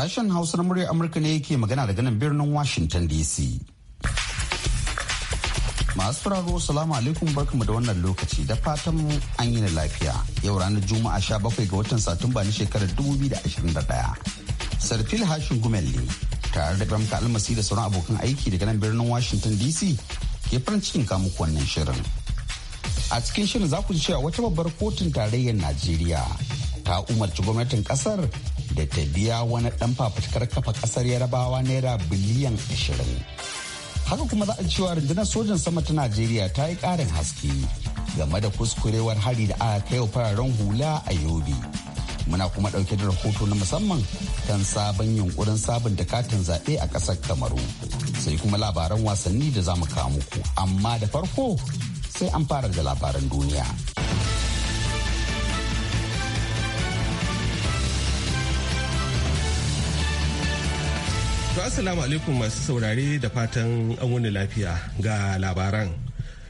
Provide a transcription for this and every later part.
Sashen Hausa na muryar Amurka ne yake magana daga nan birnin Washington DC. Masu turaro salamu alaikum barkamu da wannan lokaci da fatan an yi lafiya. Yau ranar Juma'a sha bakwai ga watan Satumba na shekarar 2021. Sarfil Hashin Gumelli tare da Bamka Almasi da sauran abokan aiki daga nan birnin Washington DC ke farin cikin kamuku wannan shirin. A cikin shirin za ku ji cewa wata babbar kotun tarayyar Najeriya ta umarci gwamnatin kasar da ta biya wani ɗan fafutukar kafa ƙasar yarabawa naira biliyan 20 haka kuma za a cewa rundunar sojan sama ta najeriya ta yi ƙarin haske game da kuskurewar hari da aka kai wa fararen hula a yobe muna kuma ɗauke da rahoto na musamman kan sabon yunkurin da katin zaɓe a ƙasar kamaru sai kuma labaran wasanni da za mu kawo muku amma da farko sai an fara da labaran duniya. To Assalamu alaikum masu saurare da fatan an wani lafiya ga labaran.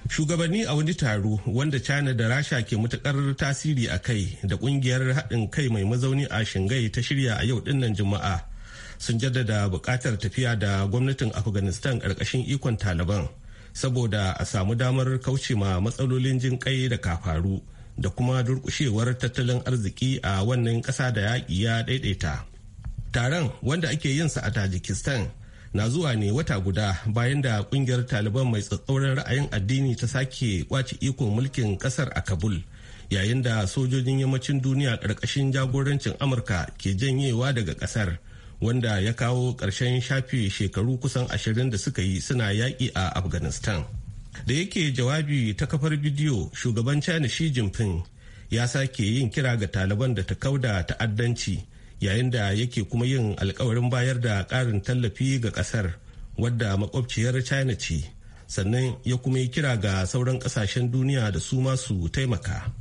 Shugabanni a wani taro wanda China da Rasha ke matukar tasiri a kai da kungiyar haɗin kai mai mazauni a Shingai ta shirya a yau dinnan Juma'a sun jaddada buƙatar tafiya da gwamnatin Afghanistan ƙarƙashin ikon Taliban saboda a samu damar kauce ma matsalolin jin kai da kafaru da kuma durƙushewar tattalin arziki a wannan ƙasa da yaƙi ya ɗaiɗaita. taron wanda ake yinsa a tajikistan na zuwa ne wata guda bayan da kungiyar taliban mai tsatsauran ra'ayin addini ta sake kwace iko mulkin kasar a kabul yayin da sojojin yammacin duniya ƙarƙashin jagorancin amurka ke janyewa daga ƙasar wanda ya kawo ƙarshen shafe shekaru kusan ashirin da suka yi suna yaƙi a afghanistan da yake jawabi ta kafar bidiyo shugaban china shi jinping ya sake yin kira ga taliban da ta kauda ta'addanci yayin da yake kuma yin alkawarin bayar da ƙarin tallafi ga ƙasar wadda makwabciyar china ce sannan ya kuma yi kira ga sauran kasashen duniya da su masu taimaka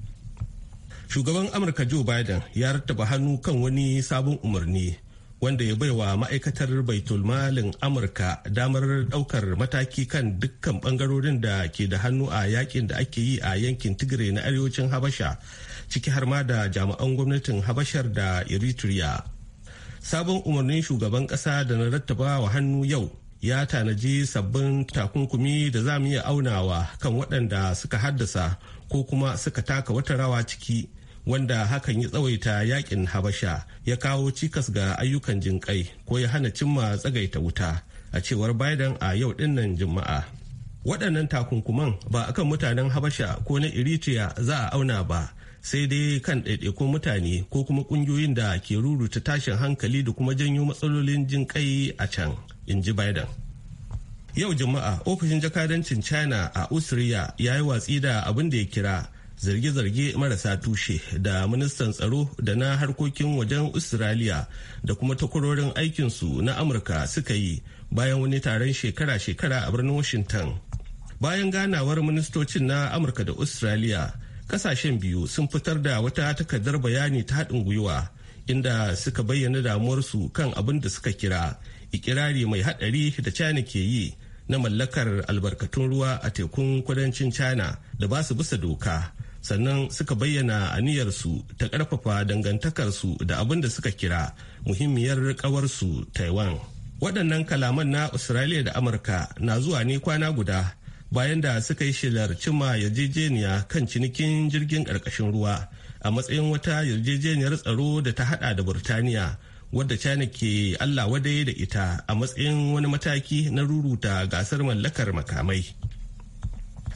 shugaban amurka joe biden ya rattaba hannu kan wani sabon umarni wanda ya baiwa ma'aikatar baitul malin amurka damar daukar mataki kan dukkan bangarorin da ke da hannu a yakin da ake yi a yankin tigre na arewacin habasha ciki har ma da jami'an gwamnatin habashar da eritrea sabon umarnin shugaban kasa da na rattaba wa hannu yau ya tanaji sabbin takunkumi da za mu iya aunawa kan waɗanda suka haddasa ko kuma suka taka wata rawa ciki wanda hakan ya tsawaita yakin habasha ya kawo cikas ga ayyukan jinƙai ko ya hana cimma tsagaita wuta a cewar biden a yau dinnan juma'a waɗannan takunkuman ba akan mutanen habasha ko na eritrea za a auna ba sai dai kan ɗaiɗaikun mutane ko kuma ƙungiyoyin da ke ruruta tashin hankali da kuma janyo matsalolin jin kai a can in ji biden yau juma'a ofishin jakadancin china a austria ya yi watsi da abin da ya kira zarge-zarge marasa tushe da ministan tsaro da na harkokin wajen australia da kuma takwarorin aikinsu na amurka suka yi bayan wani taron shekara-shekara a birnin washington bayan ganawar ministocin na amurka da australia kasashen biyu sun fitar da wata takardar bayani ta haɗin gwiwa inda suka bayyana damuwarsu kan abin da suka kira ikirari mai haɗari da china ke yi na mallakar albarkatun ruwa a tekun kudancin china da ba su bisa doka sannan suka bayyana aniyarsu ta ƙarfafa dangantakarsu da abin da suka kira muhimmiyar kawarsu taiwan waɗannan kalaman na australia da amurka na zuwa ne kwana guda bayan da suka yi shelar cima yarjejeniya kan cinikin jirgin ƙarƙashin ruwa a matsayin wata yarjejeniyar tsaro da ta hada da burtaniya wadda china ke allah wadai da ita a matsayin wani mataki na ruruta gasar mallakar makamai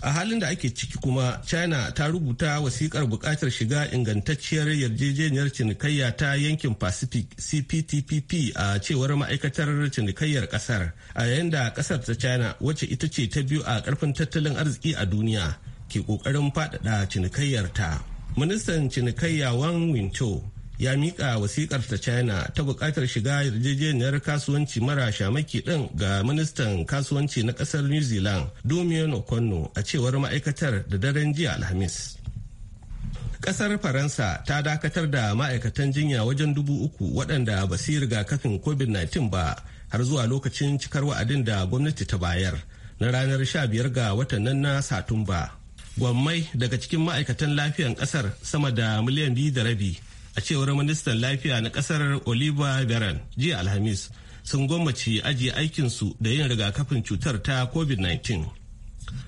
a halin da ake ciki kuma china ta rubuta wasikar buƙatar shiga ingantacciyar yarjejeniyar cinikayya ta yankin pacific cptpp a cewar ma'aikatar cinikayyar ƙasar, a yayin da ƙasar ta china wacce ita ce ta biyu a karfin tattalin arziki a duniya ke ƙoƙarin faɗaɗa cinikayyar ta ministan cinikayya wang wincho ya mika wasikar ta china ta bukatar shiga yarjejeniyar kasuwanci mara shamaki din ga ministan kasuwanci na kasar new zealand domin okonno a cewar ma'aikatar da daren jiya alhamis kasar faransa ta dakatar da ma'aikatan jinya wajen dubu uku waɗanda ba su yi rigakafin covid-19 ba har zuwa lokacin cikar wa'adin da gwamnati ta bayar na ranar 15 ga watan nan na satumba gwammai daga cikin ma'aikatan lafiyan kasar sama da miliyan biyu da rabi a cewar ministan lafiya na kasar oliver veran jiya alhamis sun gwammaci ajiye aikinsu da yin rigakafin cutar ta covid-19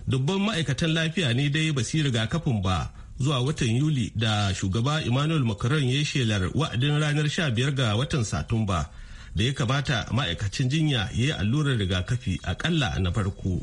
dubban ma'aikatan lafiya ne dai ba su yi rigakafin ba zuwa watan yuli da shugaba emmanuel macron ya shelar wa'adin ranar sha biyar ga watan satumba da ya kamata ma'aikacin jinya ya yi allurar rigakafi akalla na farko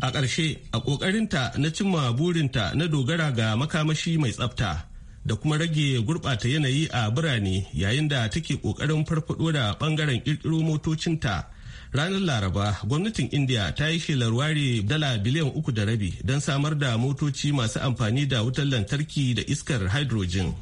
a ƙarshe a ƙoƙarinta na cimma burinta na dogara ga makamashi mai tsafta da kuma rage gurɓata yanayi a birane yayin da take ƙoƙarin farfaɗo da ɓangaren ƙirƙiro motocinta ranar laraba gwamnatin india ta yi shelar ware dala biliyan uku da rabi don samar da motoci masu amfani da wutar lantarki da iskar hydrogen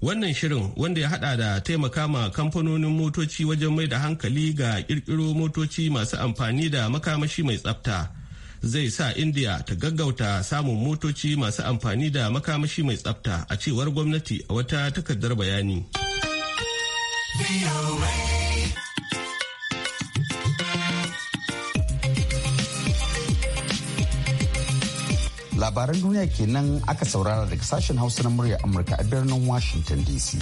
wannan shirin wanda ya hada da taimaka ma kamfanonin motoci wajen mai da hankali ga kirkiro motoci masu amfani da makamashi mai tsafta zai sa india ta gaggauta samun motoci masu amfani da makamashi mai tsafta a cewar gwamnati a wata takardar bayani labaran duniya kenan aka saurara daga sashen hausa na murya amurka a birnin washington dc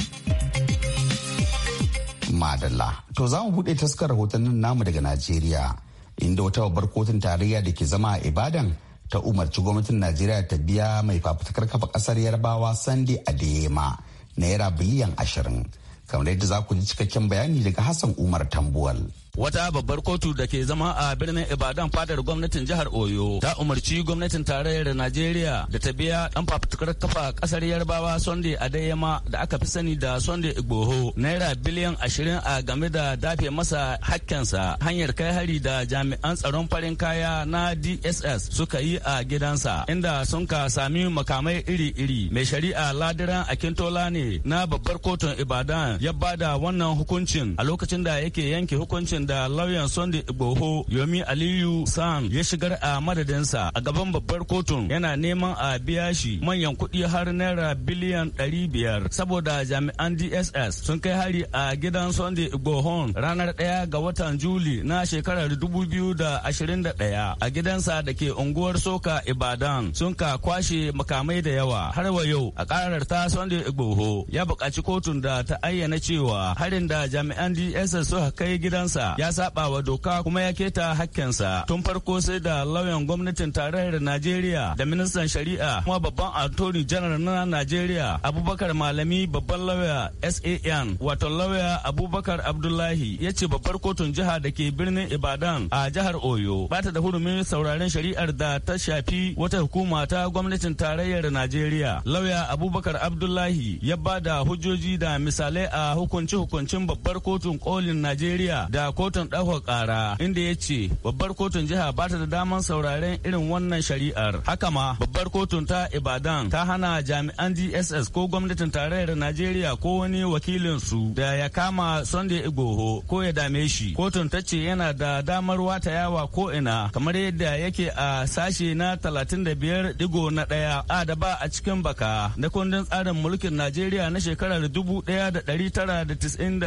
madalla to za mu buɗe taskar rahotannin namu daga najeriya inda wata babbar kotun tarayya da ke zama a ibadan ta umarci gwamnatin najeriya ta biya mai fafutukar kafa kasar yarbawa sandi adeyema naira biliyan ashirin kamar yadda za ku ji cikakken bayani daga hassan umar tambuwal wata babbar kotu da ke zama a birnin ibadan fadar gwamnatin jihar oyo ta umarci gwamnatin tarayyar najeriya da ta biya dan fafutukar kafa kasar yarbawa sunday adeyema da aka fi sani da sunday igboho naira biliyan ashirin a game da dafe masa hakkensa hanyar kai hari da jami'an tsaron farin kaya na dss suka yi a gidansa inda sun ka sami makamai iri-iri mai shari'a ladiran akintola ne na babbar kotun ibadan ya bada wannan hukuncin a lokacin da yake yanke hukuncin da lauyan Sunday Igboho Yomi Aliyu San ya shigar a madadinsa a gaban babbar kotun yana neman a biya shi manyan kuɗi har naira biliyan biyar saboda jami'an DSS sun kai hari a gidan Sunday Igbohon ranar 1 ga watan Juli na shekarar 2021 a gidansa da ke unguwar Soka Ibadan sun ka kwashe makamai da yawa har wa yau a karar ta Sunday Igboho ya buƙaci kotun da ta ayyana cewa harin da jami'an DSS suka kai gidansa ya saba wa doka kuma ya keta hakkinsa tun farko sai da lauyan gwamnatin tarayyar Najeriya da ministan shari'a kuma babban attorney general na Najeriya Abubakar Malami babban lauya SAN wato lauya Abubakar Abdullahi ya ce babbar kotun jiha da ke birnin Ibadan a jihar Oyo ba ta da hurumin sauraren shari'ar da ta shafi wata hukuma ta gwamnatin tarayyar Najeriya lauya Abubakar Abdullahi ya ba da hujjoji da misalai a hukunci hukuncin babbar kotun kolin Najeriya da kotun ɗaukar ƙara inda ya ce babbar kotun jiha ba ta da daman sauraren irin wannan shari'ar. Haka ma babbar kotun ta Ibadan ta hana jami'an DSS ko gwamnatin tarayyar Najeriya ko wani wakilin su da ya kama Sunday Igoho ko ya dame shi. Kotun ta ce yana da damar wata yawa ko ina kamar yadda yake a sashe na talatin da biyar digo na ɗaya a da ba a cikin baka na kundin tsarin mulkin Najeriya na shekarar dubu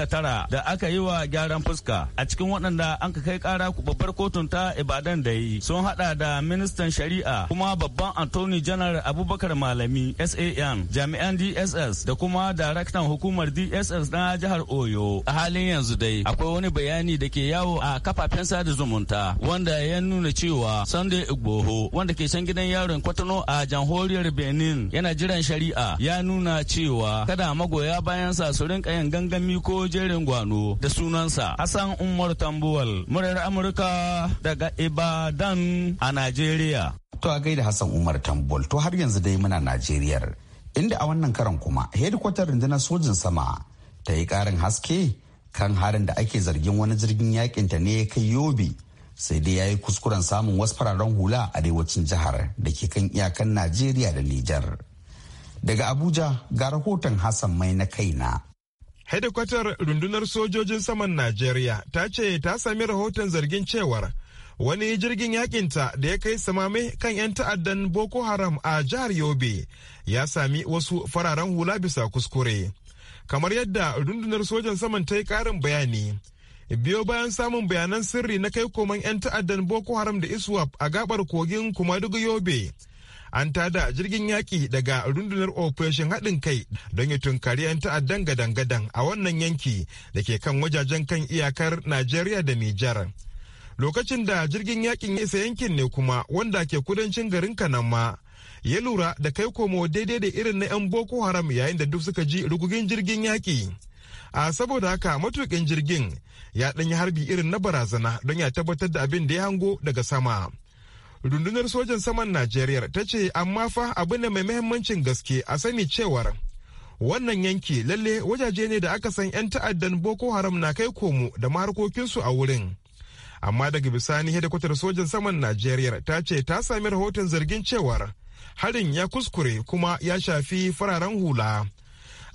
tara da aka yi wa gyaran fuska. a cikin waɗanda an ka kai kara babbar kotun ta Ibadan da yi sun haɗa da ministan shari'a kuma babban attorney general Abubakar Malami SAN jami'an DSS da kuma daraktan hukumar DSS na jihar Oyo a halin yanzu dai akwai wani bayani da ke yawo a kafafen sada zumunta wanda ya nuna cewa Sunday Igboho wanda ke can gidan yaron Kwatano a jamhuriyar Benin yana jiran shari'a ya nuna cewa kada magoya bayansa su rinka yin gangami ko jerin gwano da sunansa Hassan Umar Tambuwal, muryar Amurka daga Ibadan a Najeriya. To a gaida Hassan Umar Tambuwal, to har yanzu dai muna Najeriyar. Inda a wannan karan kuma, hedikwatar rundunar sojin sama ta yi ƙarin haske kan harin da ake zargin wani jirgin yakin ta ne kai yobe sai dai ya yi kuskuren samun wasu fararen hula a arewacin jihar da ke kan iyakan najeriya da nijar daga abuja ga rahoton hassan mai na kaina hedikwatar rundunar sojojin saman najeriya ta ce ta sami rahoton zargin cewar wani jirgin yakinta da ya kai samame kan 'yan ta'addan boko haram a jihar yobe ya sami wasu fararen hula bisa kuskure kamar yadda rundunar sojan saman ta yi karin bayani biyo bayan samun bayanan sirri na kai koman 'yan ta'addan boko haram da iswap a gabar kogin kumadugu yobe an tada jirgin yaƙi daga rundunar operation haɗin kai don ya tunkari 'yan ta'addan gadan-gadan a wannan yanki da ke kan wajajen kan iyakar najeriya da nijar lokacin da jirgin yaƙin ya isa yankin ne kuma wanda ke kudancin garin kanama ya lura da kai komo daidai da irin na 'yan boko haram yayin da duk suka ji rugugin jirgin yaki a saboda haka matukin jirgin ya ɗanyi harbi irin na barazana don ya tabbatar da abin da ya hango daga sama rundunar sojan saman najeriya ta ce amma fa abu ne mai mahimmancin gaske a sani cewar wannan yanki lalle wajaje ne da aka san 'yan ta'addan boko haram na kai komo da maharkokinsu a wurin amma daga bisani hedikwatar sojan saman najeriya ta ce ta sami rahoton zargin cewar harin ya kuskure kuma ya shafi fararen hula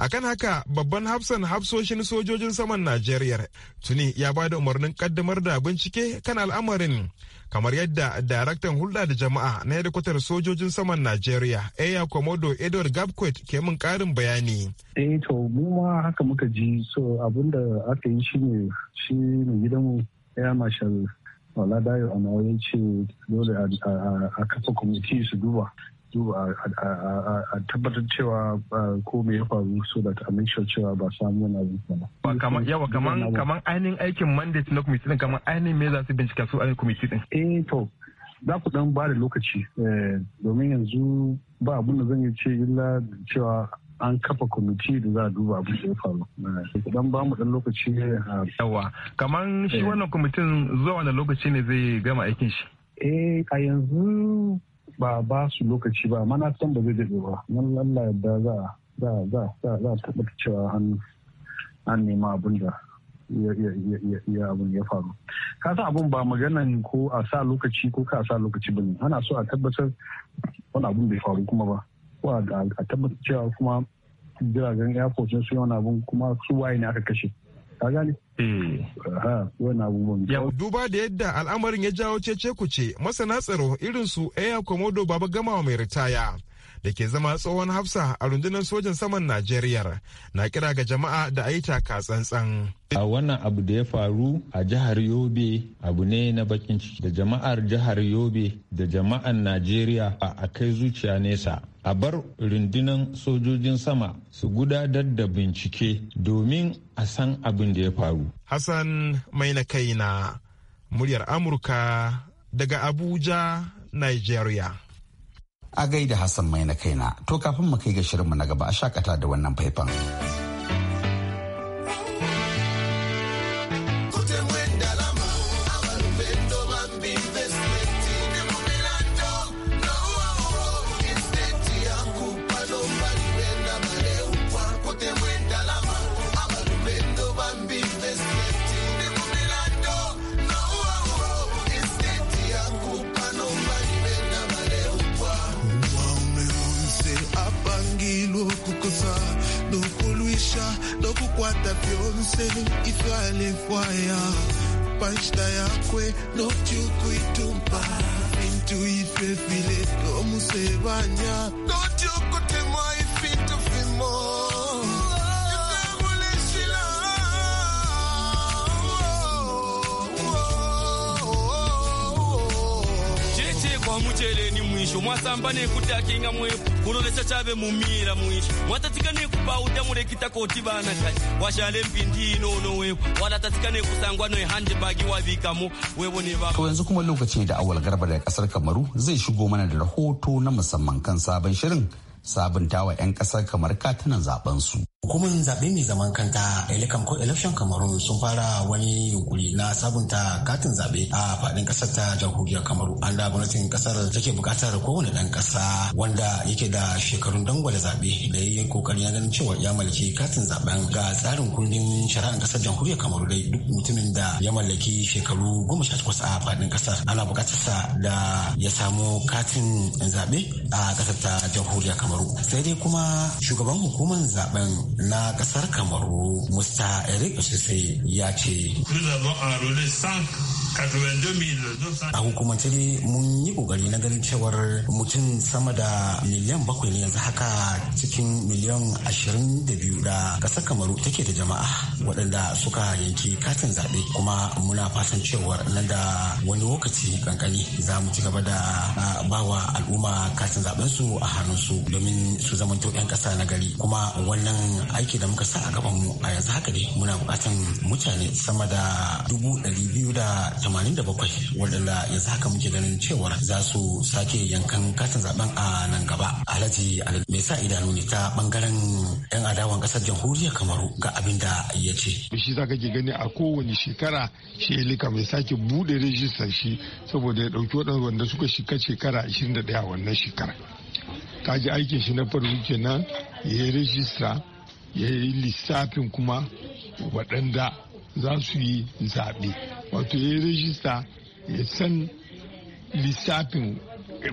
a kan haka babban hafsan hafsoshin sojojin saman najeriya tuni ya ba da umarnin kaddamar da bincike kan al'amarin kamar yadda daraktan hulɗa da jama'a na hedikwatar sojojin saman najeriya eya komodo edward gabquet ke min karin bayani eh to mu ma haka muka ji so abinda aka yi shine shi ne gidanmu ya mashal Oladayo Amawo ya ce dole a kafa kwamiti su duba a tabbatar cewa ko me ya faru so da a make sure cewa ba samu wani abu ba. yawa kamar kamar ainihin aikin mandate na kwamiti din kamar ainihin me za su bincika su ainihin kwamiti din. Eh to za ku dan ba da lokaci eh, domin yanzu ba abin da zan yi ce illa cewa an kafa kwamiti da za a duba abin da ya faru. Eh, dan ba mu dan lokaci. ne eh, Yawa kamar shi wannan kwamitin zuwa wani lokaci ne zai gama aikin shi. Eh a yanzu ba ba su lokaci ba mana san ba zai daɗe ba nan lalla yadda za za za za za tabbata cewa an an nema abin da ya abin ya faru ka san abin ba maganan ko a sa lokaci ko ka sa lokaci bane ana so a tabbatar wani abin bai faru kuma ba ko a tabbatar cewa kuma jiragen airport sun yi wani abin kuma su waye ne aka kashe Eh. duba da yadda al'amarin ya jawo cece kuce masana tsaro irin su Eya Komodo Baba gama mai ritaya da ke zama tsohon hafsa a rundunar sojan saman Najeriya na kira ga jama'a da a yi taka tsantsan. A wannan abu da ya faru a jihar Yobe abu ne na bakin ciki da jama'ar jihar Yobe da jama'ar Najeriya a kai zuciya nesa a bar rundunan sojojin sama su gudanar da bincike domin a san abin da ya faru. Hassan mai na kai na muryar Amurka daga Abuja, Nigeria. A gaida Hassan mai na kaina, to kafin mu kai ga shirinmu na gaba a shakata da wannan faifan. say if you are left akinga mwepo kuroresha chave mumira mwisho kuiba udemure kitakotibana chai washale mpindi no we walatatikane kusangwa noe handibagi wavikamo webone ba to yanzu kuma lokaci da awal garba da kasar kamaru zai shigo mana da rahoto na musamman kan sabon shirin sabuntawa 'yan kasar kamar tana zaben su Hukumar zaɓe mai zaman kanta Elekan ko Election Cameroon sun fara wani yunkuri na sabunta katin zaɓe a faɗin ƙasar ta jamhuriyar Kamaru. An da gwamnatin ƙasar take buƙatar kowane ɗan ƙasa wanda yake da shekarun dangwale zaɓe da ya yi ƙoƙarin ya ganin cewa ya mallaki katin zaɓen ga tsarin kundin shari'ar ƙasar jamhuriyar Kamaru dai duk mutumin da ya mallaki shekaru goma sha takwas a faɗin ƙasar ana buƙatar sa da ya samu katin zaɓe a ƙasar ta jamhuriyar Kamaru. Sai dai kuma shugaban hukumar zaɓen na kasar kamaru musta eric sise ya ce A hukumance dai mun yi kokari na ganin cewar mutum sama da miliyan bakwai ne yanzu haka cikin miliyan ashirin da biyu da kasar Kamaru take da jama'a waɗanda suka yanke katin zaɓe kuma muna fatan cewar nan da wani lokaci kankani za mu ci gaba da bawa al'umma katin zaɓen su a su domin su zamanto 'yan ƙasa na gari kuma wannan aiki da muka sa a gaban mu a yanzu haka ne muna bukatan mutane sama da dubu ɗari biyu da 87 waɗanda yanzu haka muke ganin cewa za su sake yankan katin zaben a nan gaba alhaji mai sa idanu ne ta bangaren yan adawan kasar jamhuriyar kamaru ga abin da ya ce shi za ke gani a kowane shekara shi lika mai sake bude rijistar shi saboda ya ɗauki waɗanda wanda suka shika shekara 21 wannan shekara ta ji aikin shi na farko kenan ya yi rijista ya yi lissafin kuma waɗanda za su yi zaɓe wato ya yi rajista ya san lissafin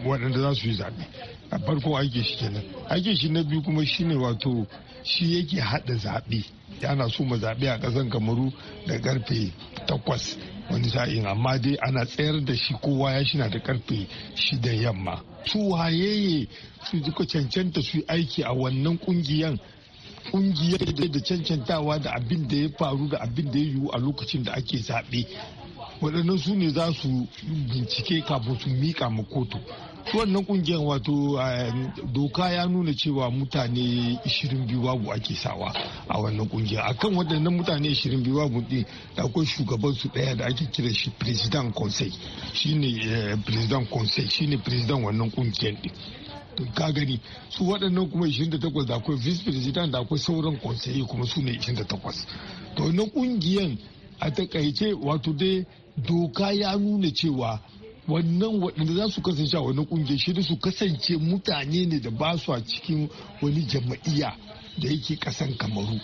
waɗanda za su yi zaɓe a farko ake shi kenan ake shi na biyu kuma shine wato shi yake haɗa zaɓe yana so ma zaɓe a ƙasan kamaru da ƙarfe takwas wani sa'in amma dai ana tsayar da shi kowa ya shi na da karfe shida yamma su wayeye su duka cancanta su aiki a wannan ƙungiyar. kungiyar da cancantawa da abin da ya faru da abin da ya yiwu a lokacin da ake zaɓe waɗannan su ne za su bincike kafin su miƙa ma kotu wannan kungiyar wato eh, doka ya nuna cewa mutane 22 babu ake sawa a wannan kungiyar akan waɗannan mutane 22 babu ɗin da akwai shugaban su ɗaya da ake kira shi president conseil shine eh, president conseil shine president wannan kungiyar ɗin to ka gani su waɗannan kuma 28 da akwai vice president da akwai sauran conseil kuma su ne 28 to na kungiyan a takaice wato dai doka ya nuna cewa wannan waɗanda za su kasance a wani kungiyar shi su kasance mutane ne da ba su a cikin wani jama'iya da yake ƙasan kamaru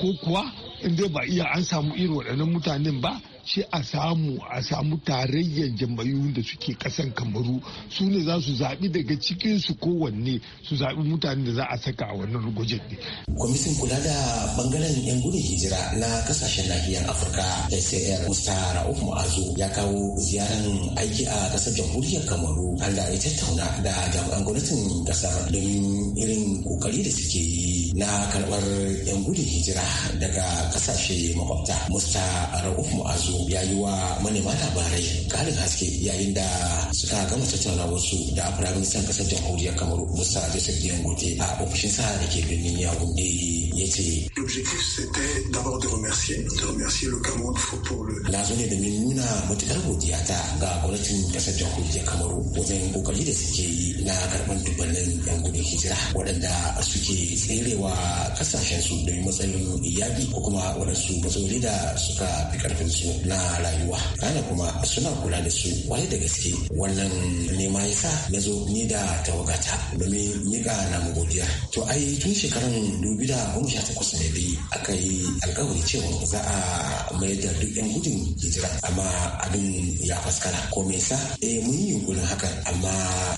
ko kuwa in dai ba iya an samu irin waɗannan mutanen ba shi a samu a samu tarayyar jam'iyyun da suke kasan kamaru su ne za su zaɓi daga cikinsu su kowanne su zaɓi mutane da za a saka a wannan gwajin ne. kwamitin kula da bangaren yan gudun hijira na kasashen nahiyar afirka sar musta ra'uf mu'azu ya kawo ziyaran aiki a kasar jamhuriyar kamaru an da ya tattauna da jami'an gwamnatin kasar domin irin kokari da suke yi na karɓar 'yan gudun hijira daga kasashe makwabta. Musta Ra'uf Mu'azu ya yi wa manema labarai kalin haske yayin da suka gama tattauna wasu da firaministan kasar jamhuriyar Kamaru Musta Joseph Dion Gote a sa da ke birnin Yaounde eh, ya ce. L'objectif c'était d'abord de remercier, de remercier le Cameroun pour le. Na zo ne domin nuna matuƙar godiya ta ga gwamnatin kasar jamhuriyar Kamaru wajen ƙoƙari da suke yi na karɓar dubannin 'yan gudun hijira waɗanda suke tserewa kuma kasashen su da matsayin iyali ko kuma waɗansu matsaloli da suka fi karfin su na rayuwa kana kuma suna kula da su wani da gaske wannan nema ya sa na zo ni da tawagata domin mika na godiya to ai tun shekaran dubi da goma sha takwas ne dai aka yi alkawari cewa za a mayar da duk yan gudun hijira amma abin ya faskara ko me sa eh mun yi yunkurin hakan amma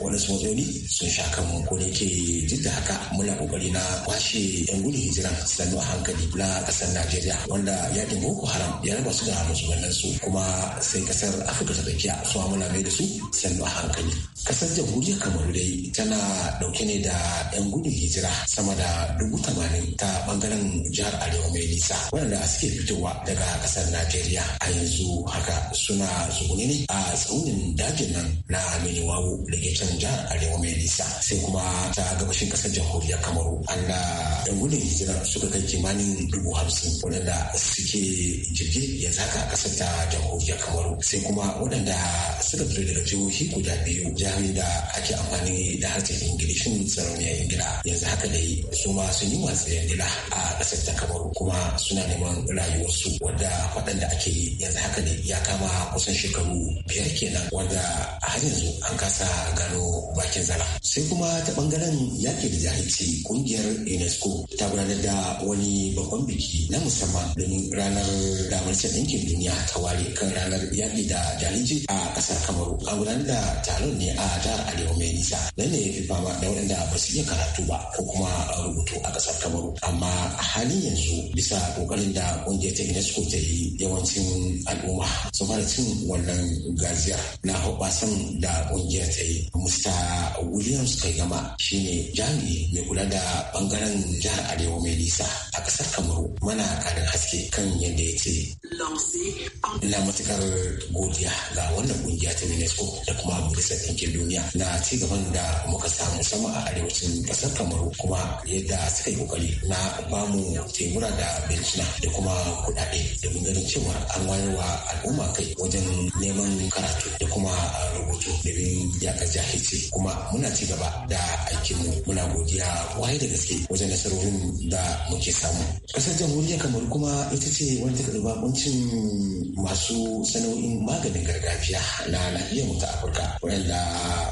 waɗansu matsaloli sun sha kan ko da ke duk da haka muna kokari na kwashe ce yan gudun hijira sannu a hankali na kasar najeriya wanda yakin boko haram ya raba su da musulmanan su kuma sai kasar afirka ta tsakiya su amana mai da su sannu a hankali kasar jamhuriyar kamaru dai tana dauke ne da yan gudun hijira sama da dubu tamanin ta bangaren jihar arewa mai nisa wanda suke fitowa daga kasar najeriya a yanzu haka suna tsugune ne a tsaunin dajin nan na miniwawo da ke can jihar arewa mai nisa sai kuma ta gabashin kasar jamhuriyar kamaru allah 'yan gudun hijira suka kai kimanin dubu hamsin waɗanda suke jirgin ya zaka Kasar ta jamhuriyar kamaru sai kuma waɗanda suka fito daga jihohi guda biyu jami'in da ake amfani da harshen ingilishin sarauniya ingila yanzu haka dai su ma sun yi watsi ingila a kasar ta kamaru kuma suna neman rayuwarsu wadda waɗanda ake yi yanzu haka ne ya kama kusan shekaru biyar kenan wadda har yanzu an kasa gano bakin zala. sai kuma ta ɓangaren yaƙi da jahilci ƙungiyar unesco ta gudanar da wani babban biki na musamman domin ranar damar ɗinkin duniya ta ware kan ranar yaƙi da jahilci a ƙasar kamaru a gudanar da taron ne a jihar arewa mai nisa nan ne ya fi fama da waɗanda ba su iya karatu ba ko kuma rubutu a ƙasar kamaru amma a halin yanzu bisa ƙoƙarin da ƙungiyar ta unesco ta yi yawancin al'umma su fara cin wannan gaziya na hoɓasan da ƙungiyar ta yi mr williams kai gama shine jami'i mai kula da ɓangaren kan jihar Arewa mai nisa a ƙasar Kamaru mana ƙarin haske kan yadda ya ce. na matuƙar godiya ga wannan ƙungiya ta UNESCO da kuma Majalisar Ɗinkin Duniya na ci gaban da muka samu sama a arewacin kasar Kamaru kuma yadda suka yi ƙoƙari na bamu taimura da bencina da kuma kuɗaɗe domin ganin cewa an wayar wa al'umma kai wajen neman karatu da kuma rubutu domin yaƙar jahilci kuma muna ci gaba da aikinmu muna godiya kwarai da gaske wajen nasarorin da muke samu ƙasar jamhuriyar kamar kuma ita ce wanda ta karɓi masu sana'o'in maganin gargajiya na nahiyar mu ta afirka waɗanda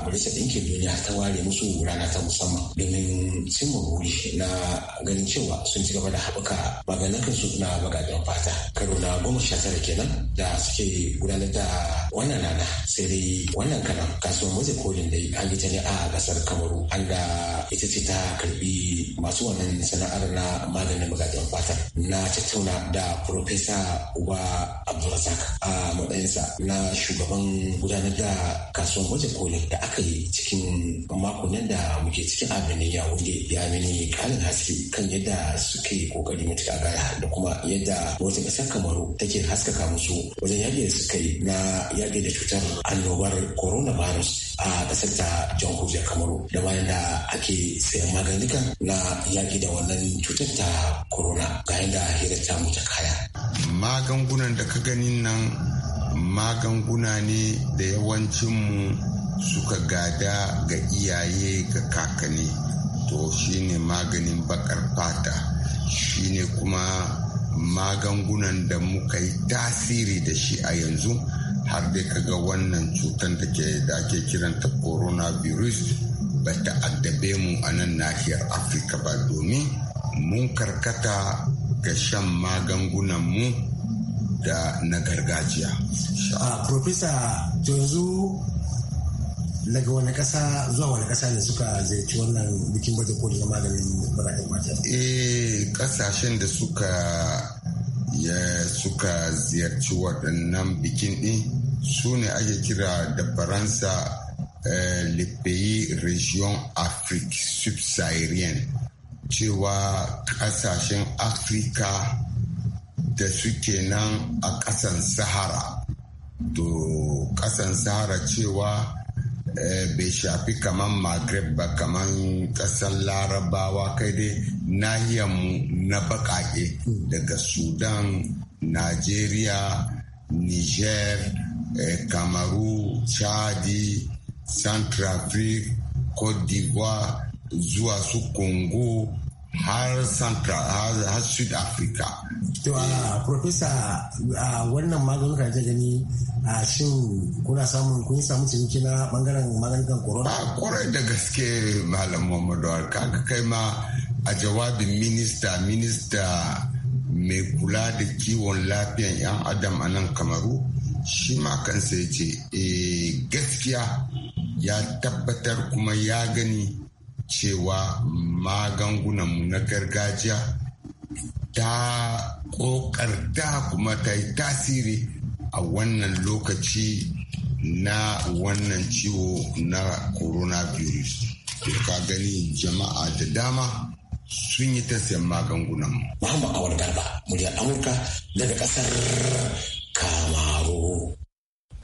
majalisar ɗinkin duniya ta ware musu rana ta musamman domin cimma buri na ganin cewa sun ci gaba da haɓaka maganin su na bagajen fata karo na goma sha tara kenan da suke gudanar da wannan rana sai dai wannan kanan kasuwar mace kolin dai an yi ta ne a kasar kamaru an ita ce ta karbi masu wannan sana'ar na malamin magajin fata na tattauna da Profesa Uba Abdulrazak a matsayinsa na shugaban gudanar da kasuwan wajen koli da aka yi cikin makonnin da muke cikin abinin ya wuce ya mini kalin haske kan yadda suke kokari mutuka gaya da kuma yadda wata ƙasar kamaru take haskaka musu wajen yaƙi da suka yi na yaƙi da cutar annobar coronavirus a ƙasar ta jamhuriyar kamaru da bayan da ake sayan maganika na yaki da wannan cutar ta corona ga yadda hira ta mu kaya. Magungunan da ka ganin nan magunguna ne da yawancinmu suka gada ga iyaye ga kakanni to shine maganin bakar fata shi ne kuma magangunan da muka yi tasiri da shi a yanzu har dai kaga wannan cutar da ke ake kiranta coronavirus ba ta addabe mu a nan nahiyar afirka ba domin mun karkata ga shan magungunanmu da na gargajiya. Ah, Profesa yanzu daga wani ƙasa zuwa wani ƙasa ne suka ziyarci wannan bikin baje koli na maganin barayin mata? Eh ƙasashen da suka ya suka ziyarci waɗannan bikin ɗin su ne ake kira da faransa Euh, les pays région Afrique subsaharienne cewa kasashen Afrika da suke nan a ƙasan Sahara. To ƙasan Sahara cewa bai shafi kaman Maghreb ba kaman ƙasan Larabawa kai dai nahiyanmu na de daga Sudan, Najeriya, Niger, Kamaru, euh, Chadi, centrafrique Côte d'ivoire zuwa su congo har central har sud africa to a ah, profesa a ah, wannan ka ta gani a ah, shin kuna samun kun samu ciniki na bangaren maganin corona Ba kore da gaske malam muhammadu kaga kai ma a jawabin minista minista mai kula da kiwon lafiyan yan adam a nan kamaru shi ma kansa ya ce eh, gaskiya ya tabbatar kuma ya gani cewa magungunanmu na gargajiya ta ƙoƙarta kuma ta yi tasiri a wannan lokaci na wannan ciwo na coronavirus. ka gani jama'a da dama sun yi ta siyan magungunan mu. Muhammad Awal Garba, muryar Amurka daga kasar Kamaru.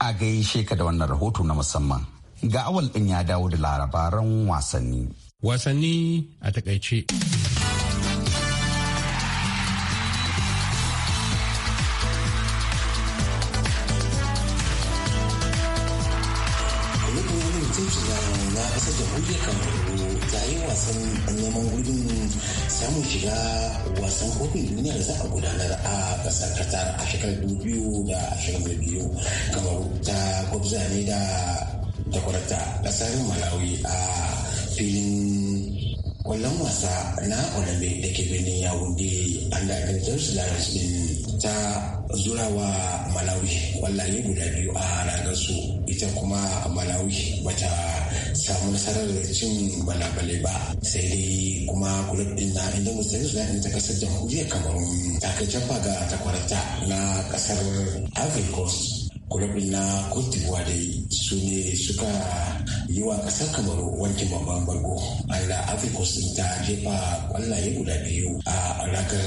A gaishe ka da wannan rahoto na musamman. ga awal ɗin ya dawo da larabaran wasanni. Wasanni a takaice. na kamaru ta yi wasan neman gudun samun shiga wasan kofin duniya da za a gudanar a ƙasar qatar a shekarar 2022 kamar ta gwabza ne da da kwarta malawi a filin kwallon wasa na olambe da ke birnin yawunde an da su din ta zurawa malawi kwallaye guda biyu a ranar su ita kuma malawi bata samu nasarar cin balabale ba sai dai kuma kulub din na inda musulmi suna ta kasar jamhuriyar kamarun ta kai ga takwarata na kasar ivory coast kulabin na cote dai su ne suka yi wa kasar kamaru wankin babban bargo a da sun ta jefa kwallaye guda biyu a ragar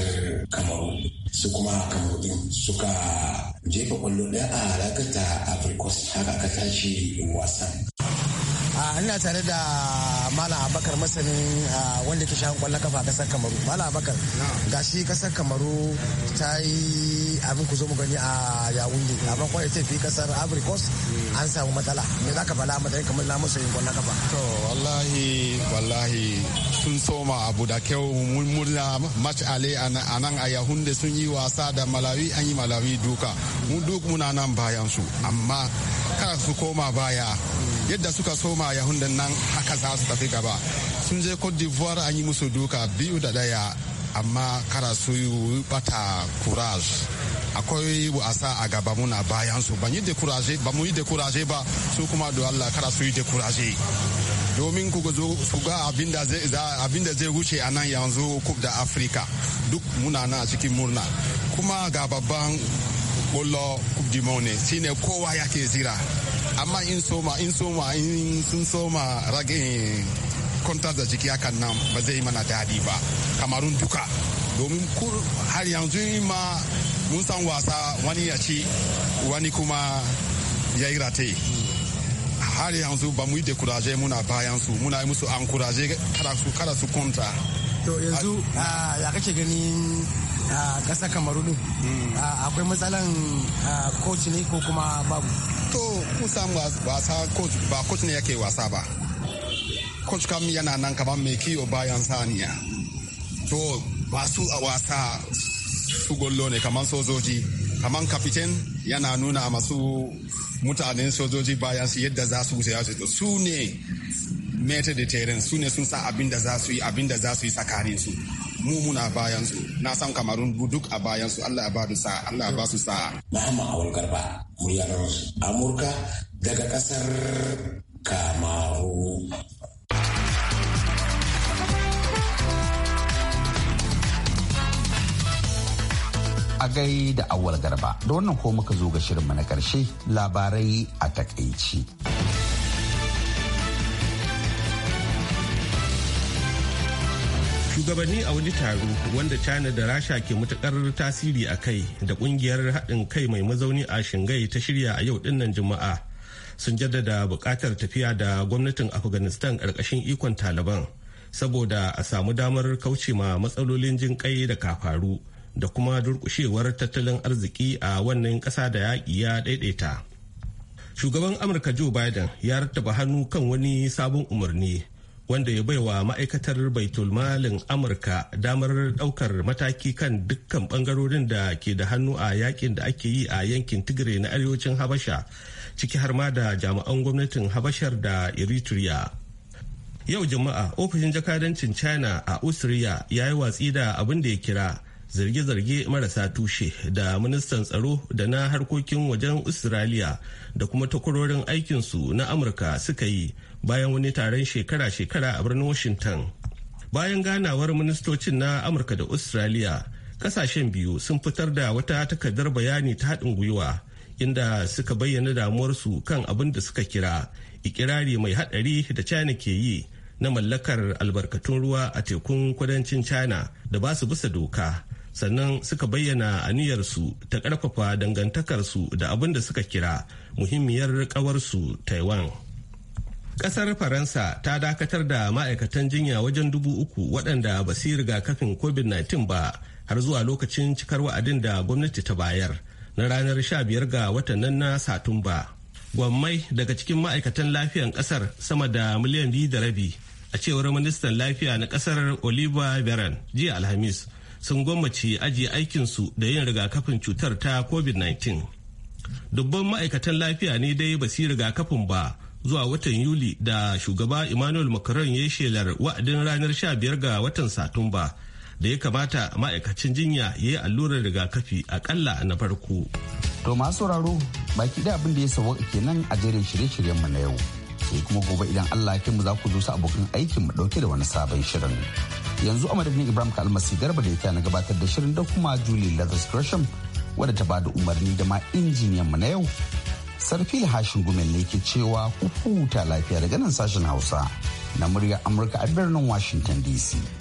kamaru su kuma kamaru din suka jefa kwallo ɗaya a ragar ta africos haka tashi wasan ah, ina tare da malam abakar masanin ah, wanda ke shan kwallon kafa kasar kamaru malam abakar shi kasar kamaru ta yi abin ku zo mu gani a yawunde amma ko ya fi kasar abrikos an samu matsala me za ka fala matsayin kamar na masanin kwallon kafa to wallahi wallahi sun soma abu da kyau mun murna match ale a nan a yahunde sun yi wasa da malawi an yi malawi duka mun duk muna nan bayan su amma kada su koma baya yadda suka soma yahundan nan haka za su tafi gaba sun je cote d'ivoire an yi musu duka biyu da daya amma kara su yi bata courage akwai wasa a gaba muna bayan su ban yi dekuraje ba mu yi dekuraje ba su kuma don Allah kara su yi domin ku gozo su ga abin zai wuce a nan yanzu cup da africa duk muna na cikin murna kuma ga babban bollo kub dimone shine kowa yake zira amma in soma in soma in sun soma ragin kwantar da jiki hakan nan ba zai mana daɗi ba kamarun duka domin har yanzu ma mun san wasa wani ya ci wani kuma ya yi rate har yanzu ba mu yi dekuraje muna bayan su muna yi musu ankuraje kada su kwanta to yanzu ah, ah, ya kake a ah, ƙasa kamaru din hmm. akwai matsalan coach ne ko kuma babu to kun samu wasa coach ba coach ne yake wasa ba coach kam yana nan kamar mai kiyo bayan saniya to masu a wasa su gollo ne kamar sojoji kamar kapitan yana nuna masu mutanen sojoji bayan su yadda za su wuce su ne meta da teren su ne sun sa abin da za su yi abin da za su yi tsakanin su mu muna bayan su na san kamarun duk a bayan su Allah ya ba su sa'a Allah ya ba su sa'a Muhammad Awal Garba muryar Amurka daga kasar Kamaru a gai da awal garba da wannan ko muka zo ga shirinmu na karshe labarai a takaici. shugabanni a wani taro wanda china da rasha ke matukar tasiri a kai da kungiyar haɗin kai mai mazauni a shingai ta shirya a yau dinnan juma'a sun jaddada buƙatar tafiya da gwamnatin afghanistan ƙarƙashin ikon taliban saboda a samu damar kauce ma matsalolin jin kai da kafaru da kuma durƙushewar tattalin arziki a wannan ƙasa da yaƙi ya ɗaiɗaita shugaban amurka joe biden ya rattaba hannu kan wani sabon umarni wanda ya baiwa ma'aikatar baitul malin amurka damar daukar mataki kan dukkan bangarorin da ke da hannu a yakin da ake yi a yankin tigre na arewacin habasha ciki har ma da jami'an gwamnatin habashar da eritrea yau jama'a ofishin jakadancin china a austria ya yi watsi da abin da ya kira zarge-zarge marasa tushe da ministan tsaro da na harkokin wajen australia da kuma takwarorin aikinsu na amurka suka yi bayan wani taron shekara-shekara a birnin washington bayan ganawar ministocin na amurka da australia kasashen biyu sun fitar da wata takardar bayani ta haɗin gwiwa inda suka bayyana damuwarsu kan abin da suka kira ikirari mai haɗari da china ke yi na mallakar albarkatun ruwa a tekun kudancin china da ba su bisa doka sannan suka bayyana aniyarsu ta ƙarfafa dangantakarsu da abin da suka kira muhimmiyar ƙawarsu taiwan Ƙasar Faransa ta dakatar da ma'aikatan jinya wajen dubu uku waɗanda ba su yi rigakafin COVID-19 ba har zuwa lokacin cikar wa'adin da gwamnati ta bayar na ranar 15 ga watan nan na Satumba. Gwammai daga cikin ma'aikatan lafiyan ƙasar sama da miliyan biyu da rabi a cewar ministan lafiya na ƙasar Oliver Veran jiya Alhamis sun gwammace ajiye aikinsu da yin rigakafin cutar ta covid-19 dubban ma'aikatan lafiya ne dai ba su yi rigakafin ba zuwa watan yuli da shugaba emmanuel macron ya shelar wa'adin ranar 15 ga watan satumba da ya kamata ma'aikacin jinya ya yi allurar rigakafi akalla na farko. to masu sauraro baki da abin da ya sauwa kenan a jerin shirye shiryen mu na yau sai kuma gobe idan Allah ya mu za ku zo su abokan aikin mu dauke da wani sabon shirin yanzu a madadin Ibrahim Kalmasi Garba da yake na gabatar da shirin da kuma Julie Lazarus Gresham wadda ta bada umarni da ma injiniyan mu na yau Sarfil Hashin Gumel ne ke cewa ku huta lafiya daga nan sashen Hausa na muryar Amurka a birnin Washington DC.